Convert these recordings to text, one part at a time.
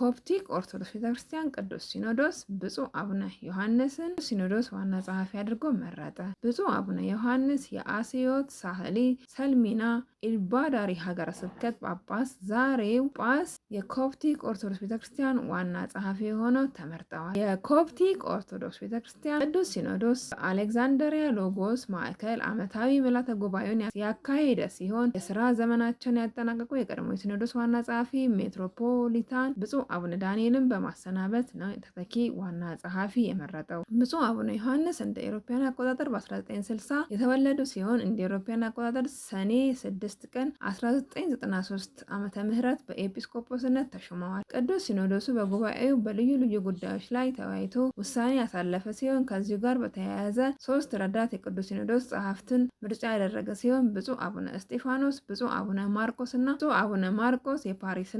ኮፕቲክ ኦርቶዶክስ ቤተክርስቲያን ቅዱስ ሲኖዶስ ብፁዕ አቡነ ዮሐንስን ሲኖዶስ ዋና ጸሐፊ አድርጎ መረጠ። ብፁዕ አቡነ ዮሐንስ የአስዮት ሳህሊ ሰልሚና ኢልባዳሪ ሀገረ ስብከት ጳጳስ፣ ዛሬው ጳስ የኮፕቲክ ኦርቶዶክስ ቤተክርስቲያን ዋና ጸሐፊ ሆነው ተመርጠዋል። የኮፕቲክ ኦርቶዶክስ ቤተክርስቲያን ቅዱስ ሲኖዶስ አሌክዛንደሪያ ሎጎስ ማዕከል ዓመታዊ ምልዓተ ጉባኤውን ያካሄደ ሲሆን የስራ ዘመናቸውን ያጠናቀቁ የቀድሞ ሲኖዶስ ዋና ጸሐፊ ሜትሮፖሊታን ብፁዕ አቡነ ዳንኤልን በማሰናበት ነው ተተኪ ዋና ጸሐፊ የመረጠው። ብፁዕ አቡነ ዮሐንስ እንደ ኤሮፓያን አቆጣጠር በ1960 የተወለዱ ሲሆን እንደ ኤሮፓያን አቆጣጠር ሰኔ 6 ቀን 1993 ዓ ም በኤጲስቆጶ ጵስቆስነት ተሹመዋል። ቅዱስ ሲኖዶሱ በጉባኤው በልዩ ልዩ ጉዳዮች ላይ ተወያይቶ ውሳኔ ያሳለፈ ሲሆን ከዚሁ ጋር በተያያዘ ሶስት ረዳት የቅዱስ ሲኖዶስ ጸሐፍትን ምርጫ ያደረገ ሲሆን ብፁዕ አቡነ እስጢፋኖስ፣ ብፁዕ አቡነ ማርቆስ እና ብፁዕ አቡነ ማርቆስ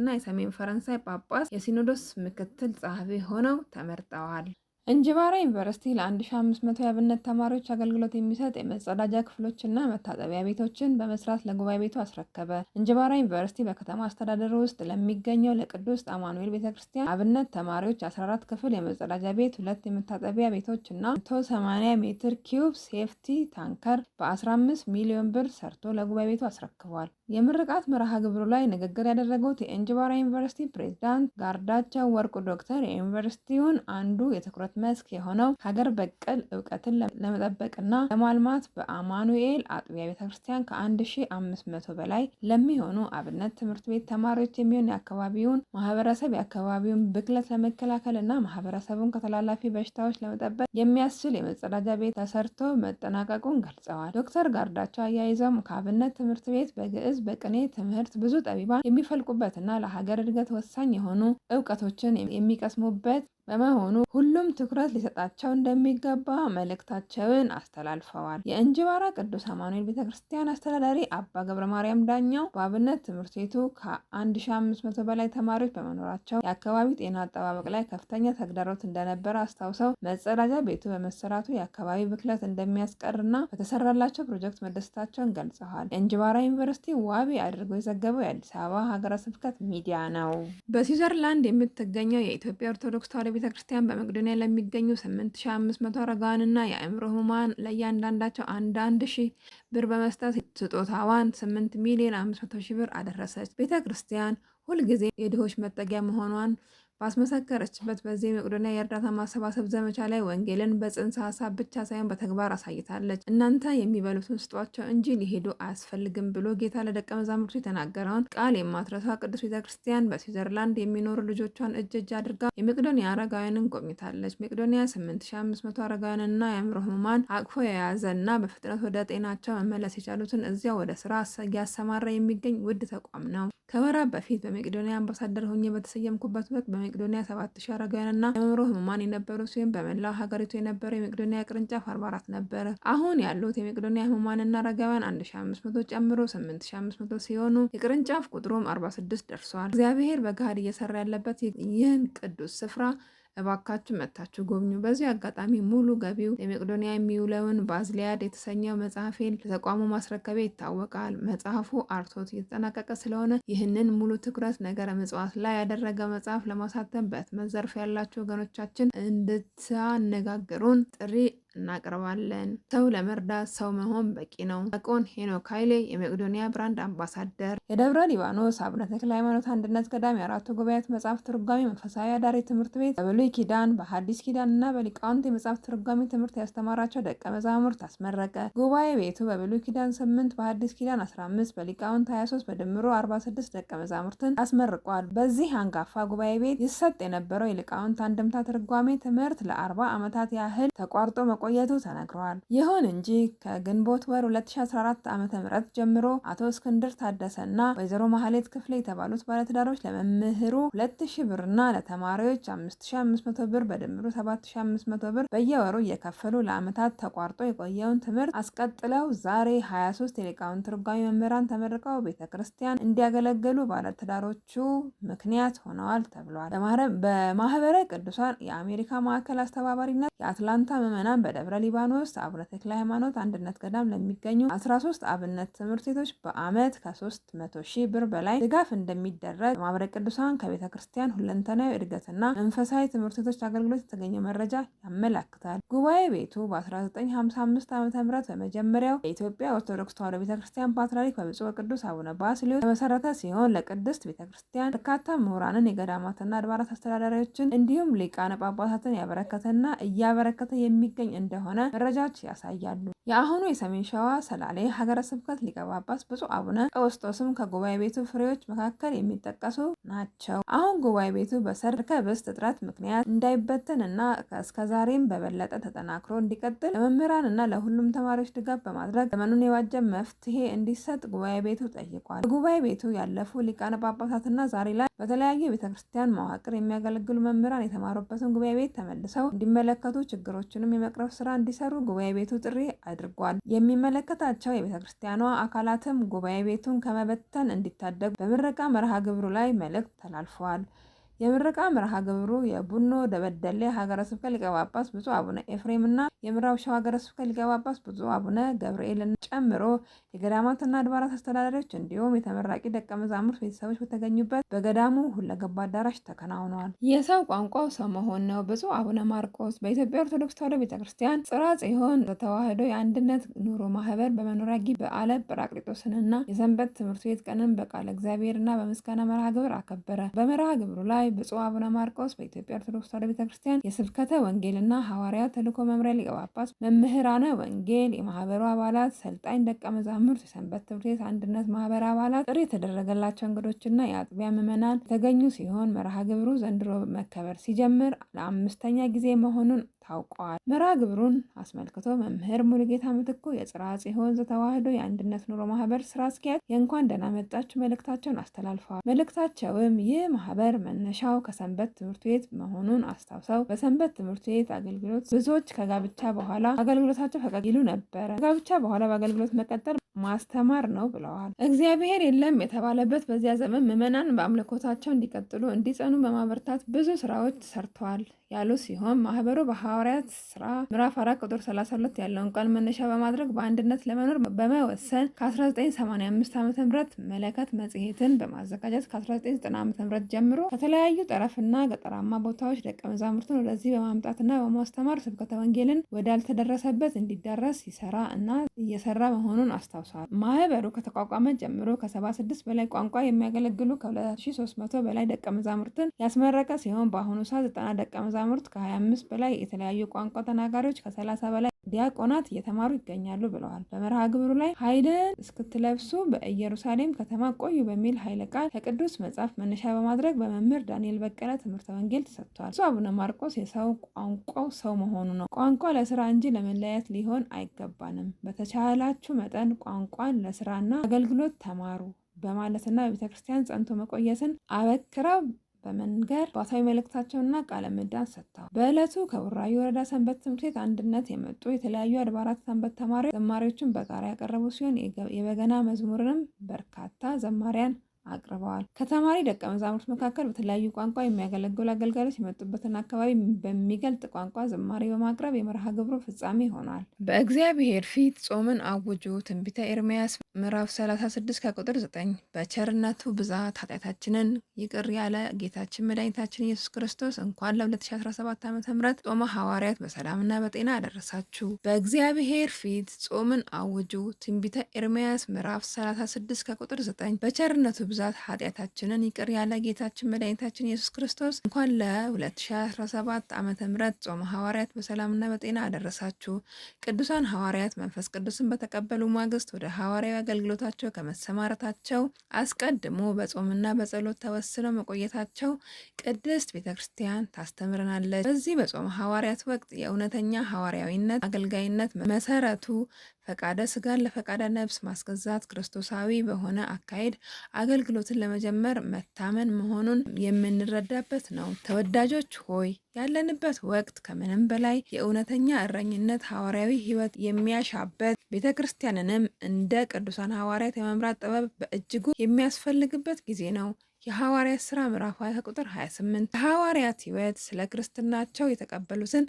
እና የሰሜን ፈረንሳይ ጳጳስ የሲኖዶስ ምክትል ጸሐፊ ሆነው ተመርጠዋል። እንጅባራ ዩኒቨርሲቲ ለ1500 የአብነት ተማሪዎች አገልግሎት የሚሰጥ የመጸዳጃ ክፍሎችና መታጠቢያ ቤቶችን በመስራት ለጉባኤ ቤቱ አስረከበ። እንጅባራ ዩኒቨርሲቲ በከተማ አስተዳደሩ ውስጥ ለሚገኘው ለቅዱስ አማኑኤል ቤተ ክርስቲያን አብነት ተማሪዎች 14 ክፍል የመጸዳጃ ቤት፣ ሁለት የመታጠቢያ ቤቶች እና 180 ሜትር ኪዩብ ሴፍቲ ታንከር በ15 ሚሊዮን ብር ሰርቶ ለጉባኤ ቤቱ አስረክቧል። የምርቃት መርሃ ግብሩ ላይ ንግግር ያደረጉት የእንጅባራ ዩኒቨርሲቲ ፕሬዝዳንት ጋርዳቸው ወርቁ ዶክተር የዩኒቨርሲቲውን አንዱ የትኩረት መስክ የሆነው ሀገር በቀል እውቀትን ለመጠበቅና ለማልማት በአማኑኤል አጥቢያ ቤተክርስቲያን ከ1500 በላይ ለሚሆኑ አብነት ትምህርት ቤት ተማሪዎች የሚሆን የአካባቢውን ማህበረሰብ የአካባቢውን ብክለት ለመከላከል እና ማህበረሰቡን ከተላላፊ በሽታዎች ለመጠበቅ የሚያስችል የመጸዳጃ ቤት ተሰርቶ መጠናቀቁን ገልጸዋል። ዶክተር ጋርዳቸው አያይዘውም ከአብነት ትምህርት ቤት በግዕዝ ህዝብ በቅኔ ትምህርት ብዙ ጠቢባን የሚፈልቁበትና ለሀገር እድገት ወሳኝ የሆኑ እውቀቶችን የሚቀስሙበት በመሆኑ ሁሉም ትኩረት ሊሰጣቸው እንደሚገባ መልእክታቸውን አስተላልፈዋል። የእንጅባራ ቅዱስ አማኑኤል ቤተ ክርስቲያን አስተዳዳሪ አባ ገብረ ማርያም ዳኛው በአብነት ትምህርት ቤቱ ከ1500 በላይ ተማሪዎች በመኖራቸው የአካባቢ ጤና አጠባበቅ ላይ ከፍተኛ ተግዳሮት እንደነበረ አስታውሰው መጸዳጃ ቤቱ በመሰራቱ የአካባቢ ብክለት እንደሚያስቀርና በተሰራላቸው ፕሮጀክት መደሰታቸውን ገልጸዋል። የእንጅባራ ዩኒቨርሲቲ ዋቢ አድርጎ የዘገበው የአዲስ አበባ ሀገረ ስብከት ሚዲያ ነው። በስዊዘርላንድ የምትገኘው የኢትዮጵያ ኦርቶዶክስ ተዋሕዶ ቤተ ክርስቲያን በመቄዶንያ ለሚገኙ 8500 አረጋውያንና የአእምሮ ህሙማን ለእያንዳንዳቸው አንዳንድ ሺህ ብር በመስጠት ስጦታዋን 8 ሚሊዮን 500 ሺህ ብር አደረሰች። ቤተ ክርስቲያን ሁልጊዜ የድሆች መጠጊያ መሆኗን ባስመሰከረችበት በዚህ መቄዶንያ የእርዳታ ማሰባሰብ ዘመቻ ላይ ወንጌልን በጽንሰ ሀሳብ ብቻ ሳይሆን በተግባር አሳይታለች። እናንተ የሚበሉትን ስጧቸው እንጂ ሊሄዱ አያስፈልግም ብሎ ጌታ ለደቀ መዛሙርቱ የተናገረውን ቃል የማትረሳ ቅዱስ ቤተ ክርስቲያን በስዊዘርላንድ የሚኖሩ ልጆቿን እጅ እጅ አድርጋ የመቄዶንያ አረጋውያንን ጎብኝታለች። መቄዶንያ 8500 አረጋውያንና የአእምሮ ህሙማን አቅፎ የያዘ እና በፍጥነት ወደ ጤናቸው መመለስ የቻሉትን እዚያ ወደ ስራ እያሰማራ የሚገኝ ውድ ተቋም ነው። ከወራት በፊት በመቄዶንያ አምባሳደር ሆኜ በተሰየምኩበት ወቅት የመቄዶንያ ሰባት ሺ አረጋውያን የአእምሮ ህሙማን የነበሩ ሲሆን በመላው ሀገሪቱ የነበረው የመቅዶኒያ ቅርንጫፍ 44 ነበረ። አሁን ያሉት የመቅዶኒያ ህሙማንና አረጋውያን 1500 ጨምሮ 8500 ሲሆኑ የቅርንጫፍ ቁጥሩም 46 ደርሷል። እግዚአብሔር በገሃድ እየሰራ ያለበት ይህን ቅዱስ ስፍራ እባካችሁ መታችሁ ጎብኙ። በዚህ አጋጣሚ ሙሉ ገቢው ለመቄዶንያ የሚውለውን ባዝሊያድ የተሰኘው መጽሐፌን ለተቋሙ ማስረከቢያ ይታወቃል። መጽሐፉ አርቶት እየተጠናቀቀ ስለሆነ ይህንን ሙሉ ትኩረት ነገረ ምጽዋት ላይ ያደረገ መጽሐፍ ለማሳተም በህትመት ዘርፍ ያላችሁ ወገኖቻችን እንድታነጋግሩን ጥሪ እናቀርባለን። ሰው ለመርዳት ሰው መሆን በቂ ነው። ዲያቆን ሄኖክ ኃይሌ የመቄዶንያ ብራንድ አምባሳደር፣ የደብረ ሊባኖስ አቡነ ተክለ ሃይማኖት አንድነት ገዳም የአራቱ ጉባኤያት መጽሐፍ ትርጓሜ መንፈሳዊ አዳሪ ትምህርት ቤት በብሉይ ኪዳን በሐዲስ ኪዳን እና በሊቃውንት የመጽሐፍ ትርጓሚ ትምህርት ያስተማራቸው ደቀ መዛሙርት አስመረቀ። ጉባኤ ቤቱ በብሉይ ኪዳን 8 በሐዲስ ኪዳን 15 በሊቃውንት 23 በድምሮ 46 ደቀ መዛሙርትን አስመርቋል። በዚህ አንጋፋ ጉባኤ ቤት ይሰጥ የነበረው የሊቃውንት አንድምታ ትርጓሜ ትምህርት ለ40 ዓመታት ያህል ተቋርጦ መቆ መቆየቱ ተነግረዋል። ይሁን እንጂ ከግንቦት ወር 2014 ም ጀምሮ አቶ እስክንድር ታደሰ እና ወይዘሮ ማህሌት ክፍለ የተባሉት ባለትዳሮች ለመምህሩ 2000 ብርና ለተማሪዎች 5500 ብር በድምሩ 7500 ብር በየወሩ እየከፈሉ ለዓመታት ተቋርጦ የቆየውን ትምህርት አስቀጥለው ዛሬ 23 የሊቃውንት ትርጓሚ መምህራን ተመርቀው ቤተ ክርስቲያን እንዲያገለግሉ ባለትዳሮቹ ምክንያት ሆነዋል ተብሏል። በማህበረ ቅዱሳን የአሜሪካ ማዕከል አስተባባሪነት የአትላንታ ምዕመናን በደብረ ሊባኖስ አቡነ ተክለ ሃይማኖት አንድነት ገዳም ለሚገኙ 13 አብነት ትምህርት ቤቶች በዓመት ከ300 ሺህ ብር በላይ ድጋፍ እንደሚደረግ ማህበረ ቅዱሳን ከቤተ ክርስቲያን ሁለንተናዊ እድገትና መንፈሳዊ ትምህርት ቤቶች አገልግሎት የተገኘው መረጃ ያመላክታል። ጉባኤ ቤቱ በ1955 ዓ ም በመጀመሪያው የኢትዮጵያ ኦርቶዶክስ ተዋሕዶ ቤተ ክርስቲያን ፓትርያርክ በብፁዕ ቅዱስ አቡነ ባስልዮስ የተመሰረተ ሲሆን ለቅድስት ቤተ ክርስቲያን በርካታ ምሁራንን፣ የገዳማትና አድባራት አስተዳዳሪዎችን እንዲሁም ሊቃነ ጳጳሳትን ያበረከተና እያ እያበረከተ የሚገኝ እንደሆነ መረጃዎች ያሳያሉ። የአሁኑ የሰሜን ሸዋ ሰላሌ ሀገረ ስብከት ሊቀ ጳጳስ ብፁዕ አቡነ ቀውስጦስም ከጉባኤ ቤቱ ፍሬዎች መካከል የሚጠቀሱ ናቸው። አሁን ጉባኤ ቤቱ በሰርድ ከብስት እጥረት ምክንያት እንዳይበተን እና እስከዛሬም በበለጠ ተጠናክሮ እንዲቀጥል ለመምህራን እና ለሁሉም ተማሪዎች ድጋፍ በማድረግ ዘመኑን የዋጀ መፍትሄ እንዲሰጥ ጉባኤ ቤቱ ጠይቋል። በጉባኤ ቤቱ ያለፉ ሊቃነ ጳጳሳትና ዛሬ ላይ በተለያዩ ቤተክርስቲያን መዋቅር የሚያገለግሉ መምህራን የተማሩበትን ጉባኤ ቤት ተመልሰው እንዲመለከቱ ችግሮችንም የመቅረብ ስራ እንዲሰሩ ጉባኤ ቤቱ ጥሪ አድርጓል። የሚመለከታቸው የቤተክርስቲያኗ አካላትም ጉባኤ ቤቱን ከመበተን እንዲታደጉ በምረቃ መርሃ ግብሩ ላይ መልእክት ተላልፈዋል። የምረቃ መርሃ ግብሩ የቡኖ ደበደሌ ሀገረ ስብከት ሊቀ ጳጳስ ብፁዕ አቡነ ኤፍሬም እና የምዕራብ ሸዋ ሀገረ ስብከት ሊቀ ጳጳስ ብፁዕ አቡነ ገብርኤልን ጨምሮ የገዳማትና አድባራት አስተዳዳሪዎች እንዲሁም የተመራቂ ደቀ መዛሙርት ቤተሰቦች በተገኙበት በገዳሙ ሁለገባ አዳራሽ ተከናውነዋል። የሰው ቋንቋው ሰው መሆን ነው። ብፁዕ አቡነ ማርቆስ በኢትዮጵያ ኦርቶዶክስ ተዋሕዶ ቤተ ክርስቲያን ጽርሐ ጽዮን ተዋሕዶ የአንድነት ኑሮ ማህበር በመኖሪያ ጊ በዓለ ጰራቅሊጦስንና የሰንበት ትምህርት ቤት ቀንን በቃለ እግዚአብሔርና በምስጋና መርሃ ግብር አከበረ። በመርሃ ግብሩ ላይ ላይ ብፁዕ አቡነ ማርቆስ በኢትዮጵያ ኦርቶዶክስ ተዋሕዶ ቤተክርስቲያን የስብከተ ወንጌልና ሐዋርያ ተልእኮ መምሪያ ሊቀ ጳጳስ፣ መምህራነ ወንጌል፣ የማህበሩ አባላት፣ ሰልጣኝ ደቀ መዛሙርት፣ የሰንበት ትምህርት ቤት አንድነት ማህበር አባላት፣ ጥሪ የተደረገላቸው እንግዶችና የአጥቢያ ምዕመናን የተገኙ ሲሆን መርሃ ግብሩ ዘንድሮ መከበር ሲጀምር ለአምስተኛ ጊዜ መሆኑን ታውቋል። መርሃ ግብሩን አስመልክቶ መምህር ሙሉጌታ ምትኩ የጽርሐ ጽዮን ተዋህዶ የአንድነት ኑሮ ማህበር ስራ አስኪያጅ የእንኳን ደህና መጣችሁ መልእክታቸውን አስተላልፈዋል። መልእክታቸውም ይህ ማህበር መነሻው ከሰንበት ትምህርት ቤት መሆኑን አስታውሰው በሰንበት ትምህርት ቤት አገልግሎት ብዙዎች ከጋብቻ በኋላ አገልግሎታቸው ፈቀቅ ይሉ ነበረ። ከጋብቻ በኋላ በአገልግሎት መቀጠል ማስተማር ነው ብለዋል። እግዚአብሔር የለም የተባለበት በዚያ ዘመን ምዕመናን በአምልኮታቸው እንዲቀጥሉ እንዲጸኑ በማበርታት ብዙ ስራዎች ሰርተዋል ያሉ ሲሆን ማህበሩ በሀ ሐዋርያት ሥራ ምዕራፍ 4 ቁጥር 32 ያለውን ቃል መነሻ በማድረግ በአንድነት ለመኖር በመወሰን ከ1985 ዓ ም መለከት መጽሔትን በማዘጋጀት ከ1990 ዓ ም ጀምሮ ከተለያዩ ጠረፍና ገጠራማ ቦታዎች ደቀ መዛሙርትን ወደዚህ በማምጣትና በማስተማር ስብከተ ወንጌልን ወዳልተደረሰበት እንዲዳረስ ይሰራ እና እየሰራ መሆኑን አስታውሷል። ማህበሩ ከተቋቋመ ጀምሮ ከ76 በላይ ቋንቋ የሚያገለግሉ ከ2300 በላይ ደቀ መዛሙርትን ያስመረቀ ሲሆን በአሁኑ ሰዓት 90 ደቀ መዛሙርት ከ25 በላይ የተለያዩ የተለያዩ ቋንቋ ተናጋሪዎች ከሰላሳ በላይ ዲያቆናት እየተማሩ ይገኛሉ ብለዋል። በመርሃ ግብሩ ላይ ኃይልን እስክትለብሱ በኢየሩሳሌም ከተማ ቆዩ በሚል ኃይለ ቃል ከቅዱስ መጽሐፍ መነሻ በማድረግ በመምህር ዳንኤል በቀለ ትምህርተ ወንጌል ተሰጥቷል። እሱ አቡነ ማርቆስ የሰው ቋንቋው ሰው መሆኑ ነው። ቋንቋ ለስራ እንጂ ለመለያየት ሊሆን አይገባንም። በተቻላችሁ መጠን ቋንቋን ለስራና አገልግሎት ተማሩ በማለትና በቤተክርስቲያን ጸንቶ መቆየትን አበክረው በመንገድ ባታዊ መልእክታቸውና ቃለ ምዕዳን ሰጥተዋል። በዕለቱ ከቡራዩ ወረዳ ሰንበት ትምህርት ቤት አንድነት የመጡ የተለያዩ አድባራት ሰንበት ተማሪዎች ዘማሪዎችን በጋራ ያቀረቡ ሲሆን የበገና መዝሙርንም በርካታ ዘማሪያን አቅርበዋል። ከተማሪ ደቀ መዛሙርት መካከል በተለያዩ ቋንቋ የሚያገለግሉ አገልጋዮች የመጡበትን አካባቢ በሚገልጥ ቋንቋ ዝማሬ በማቅረብ የመርሃ ግብሩ ፍጻሜ ሆኗል። በእግዚአብሔር ፊት ጾምን አውጁ። ትንቢተ ኤርምያስ ምዕራፍ 36 ከቁጥር 9 በቸርነቱ ብዛት ኃጢአታችንን ይቅር ያለ ጌታችን መድኃኒታችን ኢየሱስ ክርስቶስ እንኳን ለ2017 ዓ ም ጾመ ሐዋርያት በሰላምና በጤና አደረሳችሁ። በእግዚአብሔር ፊት ጾምን አውጁ። ትንቢተ ኤርምያስ ምዕራፍ 36 ከቁጥር 9 በቸርነቱ ብዛት ኃጢአታችንን ይቅር ያለ ጌታችን መድኃኒታችን ኢየሱስ ክርስቶስ እንኳን ለ2017 ዓ ም ጾመ ሐዋርያት በሰላምና በጤና አደረሳችሁ። ቅዱሳን ሐዋርያት መንፈስ ቅዱስን በተቀበሉ ማግስት ወደ ሐዋርያዊ አገልግሎታቸው ከመሰማረታቸው አስቀድሞ በጾምና በጸሎት ተወስነው መቆየታቸው ቅድስት ቤተ ክርስቲያን ታስተምረናለች። በዚህ በጾመ ሐዋርያት ወቅት የእውነተኛ ሐዋርያዊነት አገልጋይነት መሰረቱ ፈቃደ ስጋን ለፈቃደ ነብስ ማስገዛት ክርስቶሳዊ በሆነ አካሄድ አገልግሎትን ለመጀመር መታመን መሆኑን የምንረዳበት ነው። ተወዳጆች ሆይ ያለንበት ወቅት ከምንም በላይ የእውነተኛ እረኝነት ሐዋርያዊ ሕይወት የሚያሻበት ቤተ ክርስቲያንንም እንደ ቅዱሳን ሐዋርያት የመምራት ጥበብ በእጅጉ የሚያስፈልግበት ጊዜ ነው። የሐዋርያት ሥራ ምዕራፍ ቁጥር 28 የሐዋርያት ሕይወት ስለ ክርስትናቸው የተቀበሉትን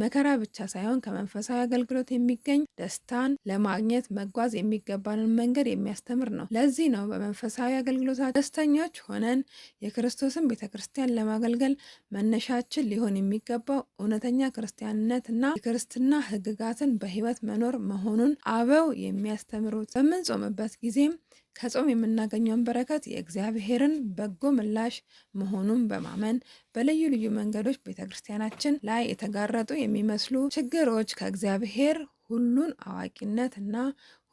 መከራ ብቻ ሳይሆን ከመንፈሳዊ አገልግሎት የሚገኝ ደስታን ለማግኘት መጓዝ የሚገባንን መንገድ የሚያስተምር ነው። ለዚህ ነው በመንፈሳዊ አገልግሎታቸው ደስተኞች ሆነን የክርስቶስን ቤተ ክርስቲያን ለማገልገል መነሻችን ሊሆን የሚገባው እውነተኛ ክርስቲያንነት እና የክርስትና ሕግጋትን በሕይወት መኖር መሆኑን አበው የሚያስተምሩት። በምንጾምበት ጊዜም ከጾም የምናገኘውን በረከት የእግዚአብሔርን በጎ ምላሽ መሆኑን በማመን በልዩ ልዩ መንገዶች ቤተ ክርስቲያናችን ላይ የተጋረጡ የሚመስሉ ችግሮች ከእግዚአብሔር ሁሉን አዋቂነት እና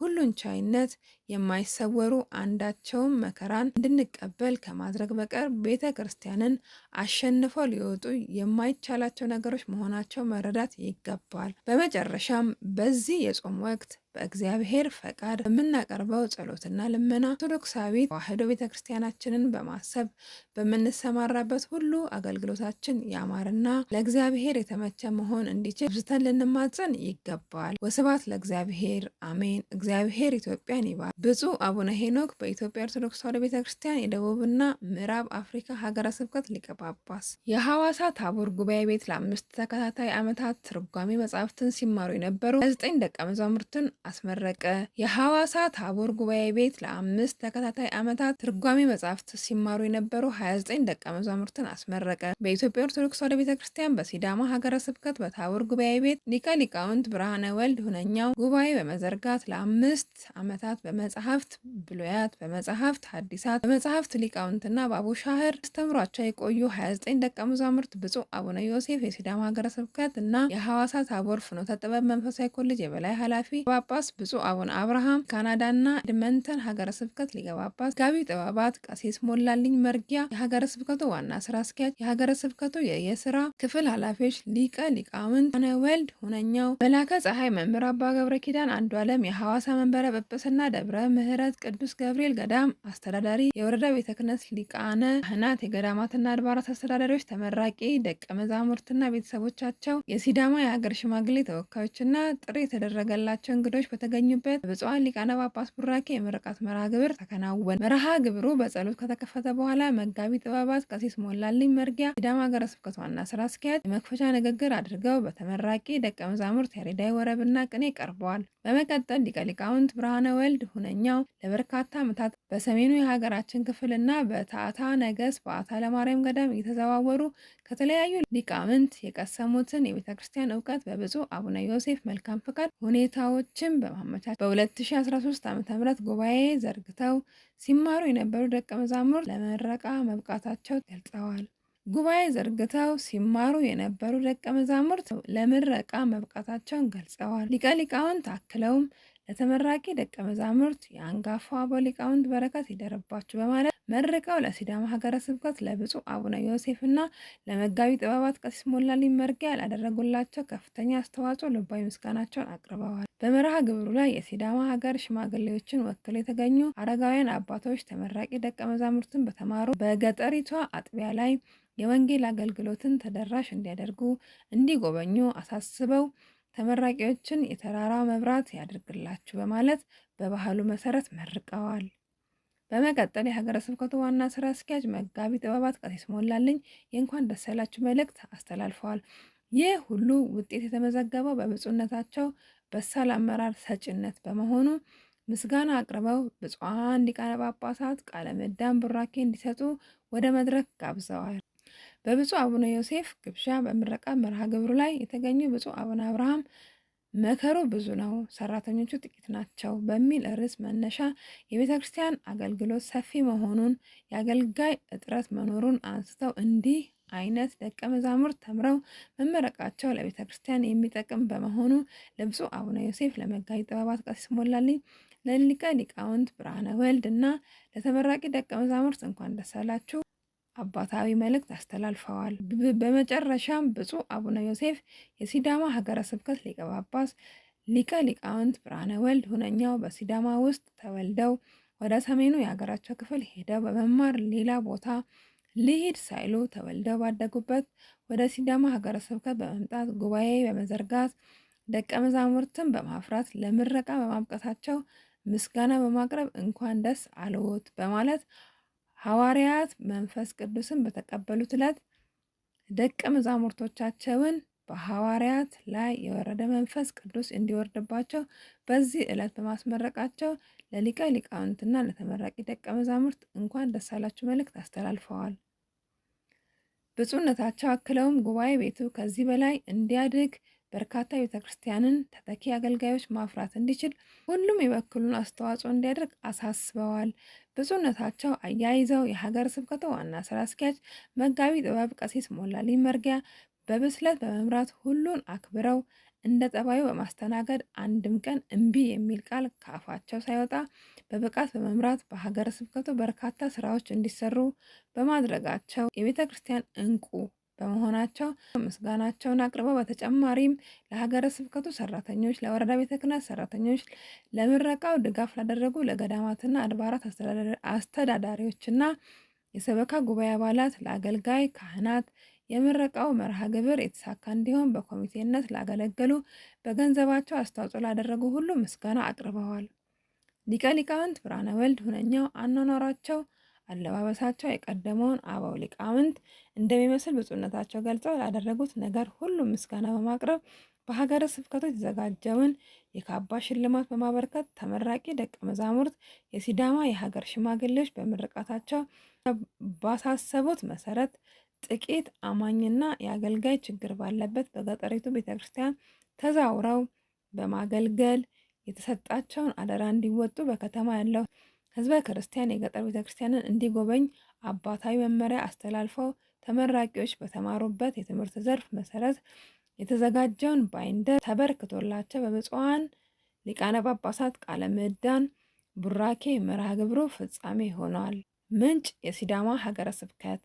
ሁሉን ቻይነት የማይሰወሩ አንዳቸውም መከራን እንድንቀበል ከማድረግ በቀር ቤተ ክርስቲያንን አሸንፈው ሊወጡ የማይቻላቸው ነገሮች መሆናቸው መረዳት ይገባል። በመጨረሻም በዚህ የጾም ወቅት በእግዚአብሔር ፈቃድ በምናቀርበው ጸሎትና ልመና ኦርቶዶክሳዊ ተዋሕዶ ቤተ ክርስቲያናችንን በማሰብ በምንሰማራበት ሁሉ አገልግሎታችን ያማረና ለእግዚአብሔር የተመቸ መሆን እንዲችል ብዝተን ልንማጸን ይገባል። ወስብሐት ለእግዚአብሔር አሜን። እግዚአብሔር ኢትዮጵያን ይባል። ብፁዕ አቡነ ሄኖክ በኢትዮጵያ ኦርቶዶክስ ተዋሕዶ ቤተ ክርስቲያን የደቡብና ምዕራብ አፍሪካ ሀገረ ስብከት ሊቀ ጳጳስ የሐዋሳ ታቦር ጉባኤ ቤት ለአምስት ተከታታይ ዓመታት ትርጓሜ መጻሕፍትን ሲማሩ የነበሩ ዘጠኝ ደቀ መዛሙርትን አስመረቀ። የሐዋሳ ታቦር ጉባኤ ቤት ለአምስት ተከታታይ ዓመታት ትርጓሜ መጻሕፍት ሲማሩ የነበሩ 29 ደቀ መዛሙርትን አስመረቀ። በኢትዮጵያ ኦርቶዶክስ ተዋሕዶ ቤተ ክርስቲያን በሲዳማ ሀገረ ስብከት በታቦር ጉባኤ ቤት ሊቀ ሊቃውንት ብርሃነ ወልድ ሁነኛው ጉባኤ በመዘርጋት ለአምስት ዓመታት በመ በመጽሐፍት ብሉያት፣ በመጽሐፍት ሐዲሳት፣ በመጽሐፍት ሊቃውንትና በአቡ ሻህር አስተምሯቸው የቆዩ 29 ደቀ መዛሙርት ብፁዕ አቡነ ዮሴፍ የሲዳማ ሀገረ ስብከት እና የሐዋሳ ታቦር ፍኖተ ጥበብ መንፈሳዊ ኮሌጅ የበላይ ኃላፊ ጳጳስ፣ ብፁዕ አቡነ አብርሃም ካናዳና ኤድመንተን ሀገረ ስብከት ሊቀ ጳጳስ፣ ጋቢ ጥበባት ቀሲስ ሞላልኝ መርጊያ የሀገረ ስብከቱ ዋና ስራ አስኪያጅ፣ የሀገረ ስብከቱ የስራ ክፍል ኃላፊዎች፣ ሊቀ ሊቃውንት ሆነ ወልድ ሁነኛው፣ መላከ ፀሐይ መምህር አባ ገብረ ኪዳን አንዱ አለም የሐዋሳ መንበረ ጵጵስና ደብረ ደብረ ምሕረት ቅዱስ ገብርኤል ገዳም አስተዳዳሪ፣ የወረዳ ቤተ ክህነት ሊቃነ ካህናት፣ የገዳማትና አድባራት አስተዳዳሪዎች፣ ተመራቂ ደቀ መዛሙርትና ቤተሰቦቻቸው፣ የሲዳማ የሀገር ሽማግሌ ተወካዮችና ጥሪ የተደረገላቸው እንግዶች በተገኙበት ብፁዓን ሊቃነ ጳጳስ ቡራኬ የምርቃት መርሃ ግብር ተከናወነ። መርሃ ግብሩ በጸሎት ከተከፈተ በኋላ መጋቢ ጥበባት ቀሲስ ሞላልኝ መርጊያ ሲዳማ ሀገረ ስብከት ዋና ስራ አስኪያጅ የመክፈቻ ንግግር አድርገው በተመራቂ ደቀ መዛሙርት ያሬዳዊ ወረብና ቅኔ ቀርበዋል። በመቀጠል ሊቀ ሊቃውንት ብርሃነ ወልድ ሁነኛው ለበርካታ ዓመታት በሰሜኑ የሀገራችን ክፍልና በታዕታ ነገስ በአታ ለማርያም ገዳም እየተዘዋወሩ ከተለያዩ ሊቃውንት የቀሰሙትን የቤተ ክርስቲያን እውቀት በብፁዕ አቡነ ዮሴፍ መልካም ፍቃድ ሁኔታዎችን በማመቻቸት በ2013 ዓ ም ጉባኤ ዘርግተው ሲማሩ የነበሩ ደቀ መዛሙርት ለመረቃ መብቃታቸው ገልጸዋል። ጉባኤ ዘርግተው ሲማሩ የነበሩ ደቀ መዛሙርት ለምረቃ መብቃታቸውን ገልጸዋል። ሊቀ ሊቃውንት አክለውም ለተመራቂ ደቀ መዛሙርት የአንጋፋ አበው ሊቃውንት በረከት ይደረባችሁ በማለት መርቀው ለሲዳማ ሀገረ ስብከት ለብፁዕ አቡነ ዮሴፍና ለመጋቢ ጥበባት ቀሲስ ሞላልኝ መርጊያ ላደረጉላቸው ከፍተኛ አስተዋጽኦ ልባዊ ምስጋናቸውን አቅርበዋል። በመርሃ ግብሩ ላይ የሲዳማ ሀገር ሽማግሌዎችን ወክለው የተገኙ አረጋውያን አባቶች ተመራቂ ደቀ መዛሙርትን በተማሩ በገጠሪቷ አጥቢያ ላይ የወንጌል አገልግሎትን ተደራሽ እንዲያደርጉ እንዲጎበኙ አሳስበው ተመራቂዎችን የተራራ መብራት ያድርግላችሁ በማለት በባህሉ መሰረት መርቀዋል። በመቀጠል የሀገረ ስብከቱ ዋና ስራ አስኪያጅ መጋቢ ጥበባት ቀሲስ ሞላልኝ የእንኳን ደስ ያላችሁ መልእክት አስተላልፈዋል። ይህ ሁሉ ውጤት የተመዘገበው በብፁዕነታቸው በሳል አመራር ሰጪነት በመሆኑ ምስጋና አቅርበው ብፁዓን ሊቃነ ጳጳሳት ቃለ ምዕዳን ቡራኬ እንዲሰጡ ወደ መድረክ ጋብዘዋል። በብፁዕ አቡነ ዮሴፍ ግብዣ በምረቃ መርሃ ግብሩ ላይ የተገኙ ብፁዕ አቡነ አብርሃም መከሩ ብዙ ነው፣ ሰራተኞቹ ጥቂት ናቸው በሚል ርዕስ መነሻ የቤተ ክርስቲያን አገልግሎት ሰፊ መሆኑን፣ የአገልጋይ እጥረት መኖሩን አንስተው እንዲህ አይነት ደቀ መዛሙርት ተምረው መመረቃቸው ለቤተ ክርስቲያን የሚጠቅም በመሆኑ ለብፁዕ አቡነ ዮሴፍ፣ ለመጋቢ ጥበባት ቀሲስ ሞላልኝ፣ ለሊቀ ሊቃውንት ብርሃነ ወልድ እና ለተመራቂ ደቀ መዛሙርት እንኳን ደስ አላችሁ አባታዊ መልእክት አስተላልፈዋል። በመጨረሻም ብፁዕ አቡነ ዮሴፍ የሲዳማ ሀገረ ስብከት ሊቀ ጳጳስ፣ ሊቀ ሊቃውንት ብርሃነ ወልድ ሁነኛው በሲዳማ ውስጥ ተወልደው ወደ ሰሜኑ የሀገራቸው ክፍል ሄደው በመማር ሌላ ቦታ ልሂድ ሳይሉ ተወልደው ባደጉበት ወደ ሲዳማ ሀገረ ስብከት በመምጣት ጉባኤ በመዘርጋት ደቀ መዛሙርትን በማፍራት ለምረቃ በማብቃታቸው ምስጋና በማቅረብ እንኳን ደስ አለዎት በማለት ሐዋርያት መንፈስ ቅዱስን በተቀበሉት ዕለት ደቀ መዛሙርቶቻቸውን በሐዋርያት ላይ የወረደ መንፈስ ቅዱስ እንዲወርድባቸው በዚህ ዕለት በማስመረቃቸው ለሊቀ ሊቃውንትና ለተመራቂ ደቀ መዛሙርት እንኳን ደስ አላችሁ መልእክት አስተላልፈዋል። ብፁዕነታቸው አክለውም ጉባኤ ቤቱ ከዚህ በላይ እንዲያድግ በርካታ ቤተክርስቲያንን ተተኪ አገልጋዮች ማፍራት እንዲችል ሁሉም የበኩሉን አስተዋጽኦ እንዲያደርግ አሳስበዋል። ብፁዕነታቸው አያይዘው የሀገረ ስብከቱ ዋና ስራ አስኪያጅ መጋቢ ጥበብ ቀሲስ ሞላልኝ መርጊያ በብስለት በመምራት ሁሉን አክብረው እንደ ጠባዩ በማስተናገድ አንድም ቀን እምቢ የሚል ቃል ከአፋቸው ሳይወጣ በብቃት በመምራት በሀገረ ስብከቱ በርካታ ስራዎች እንዲሰሩ በማድረጋቸው የቤተ ክርስቲያን እንቁ በመሆናቸው ምስጋናቸውን አቅርበው በተጨማሪም ለሀገረ ስብከቱ ሰራተኞች፣ ለወረዳ ቤተ ክህነት ሰራተኞች፣ ለምረቃው ድጋፍ ላደረጉ ለገዳማትና አድባራት አስተዳዳሪዎችና የሰበካ ጉባኤ አባላት፣ ለአገልጋይ ካህናት የምረቃው መርሃ ግብር የተሳካ እንዲሆን በኮሚቴነት ላገለገሉ፣ በገንዘባቸው አስተዋጽኦ ላደረጉ ሁሉ ምስጋና አቅርበዋል። ሊቀ ሊቃውንት ብርሃነ ወልድ ሁነኛው አኗኗራቸው አለባበሳቸው የቀደመውን አበው ሊቃውንት እንደሚመስል ብፁዕነታቸው ገልጸው ላደረጉት ነገር ሁሉ ምስጋና በማቅረብ በሀገረ ስብከቱ የተዘጋጀውን የካባ ሽልማት በማበረከት ተመራቂ ደቀ መዛሙርት የሲዳማ የሀገር ሽማግሌዎች በምርቃታቸው ባሳሰቡት መሰረት ጥቂት አማኝና የአገልጋይ ችግር ባለበት በገጠሪቱ ቤተ ክርስቲያን ተዛውረው በማገልገል የተሰጣቸውን አደራ እንዲወጡ በከተማ ያለው ህዝበ ክርስቲያን የገጠር ቤተ ክርስቲያንን እንዲጎበኝ አባታዊ መመሪያ አስተላልፈው ተመራቂዎች በተማሩበት የትምህርት ዘርፍ መሰረት የተዘጋጀውን ባይንደር ተበርክቶላቸው በብፁዓን ሊቃነ ጳጳሳት ቃለ ምዕዳን ቡራኬ መርሃ ግብሩ ፍጻሜ ሆኗል። ምንጭ የሲዳማ ሀገረ ስብከት